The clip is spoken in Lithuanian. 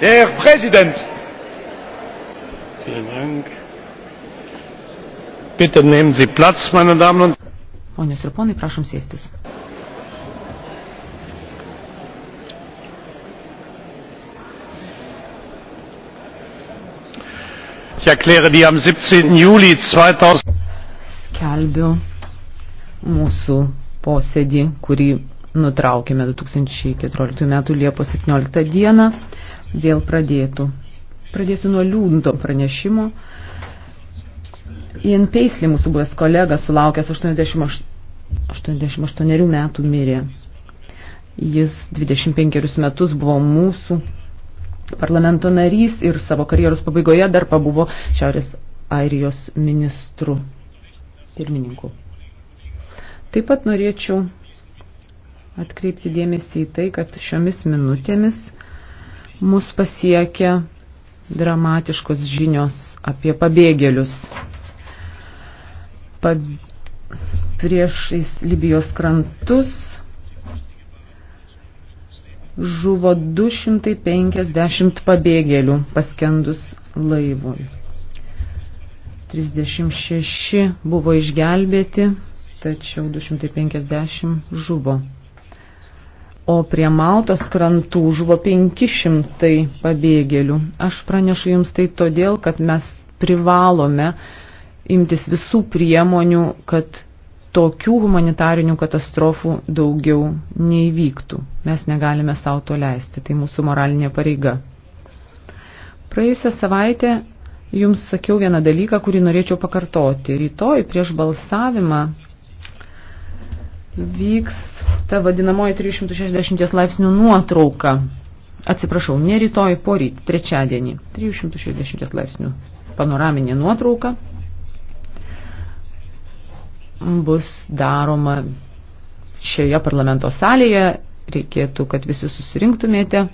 Herr Präsident! Vielen Dank. Bitte nehmen Sie Platz, meine Damen und Herren. Ponios ir ponai, prašom sėstis. Ich erkläre die am 17. Juli 2000. Skelbiu mūsų posėdį, kurį nutraukėme 2014 m. Liepos 17 d vėl pradėtų. Pradėsiu nuo liūdno pranešimo. Ian Paisley, mūsų buvęs kolega, sulaukęs 88, 88 metų mirė. Jis 25 metus buvo mūsų parlamento narys ir savo karjeros pabaigoje dar pabuvo Šiaurės Airijos ministru pirmininku. Taip pat norėčiau atkreipti dėmesį į tai, kad šiomis minutėmis Mus pasiekia dramatiškos žinios apie pabėgėlius. Pa, priešais Libijos krantus žuvo 250 pabėgėlių paskendus laivui. 36 buvo išgelbėti, tačiau 250 žuvo o prie Maltos krantų žuvo 500 pabėgėlių. Aš pranešu jums tai todėl, kad mes privalome imtis visų priemonių, kad tokių humanitarinių katastrofų daugiau neįvyktų. Mes negalime savo to leisti, tai mūsų moralinė pareiga. Praėjusią savaitę jums sakiau vieną dalyką, kurį norėčiau pakartoti. Rytoj prieš balsavimą vyks ta vadinamoji 360 laipsnių nuotrauka. Atsiprašau, ne rytoj, poryt, trečiadienį. 360 laipsnių panoraminė nuotrauka bus daroma šioje parlamento salėje. Reikėtų, kad visi susirinktumėte.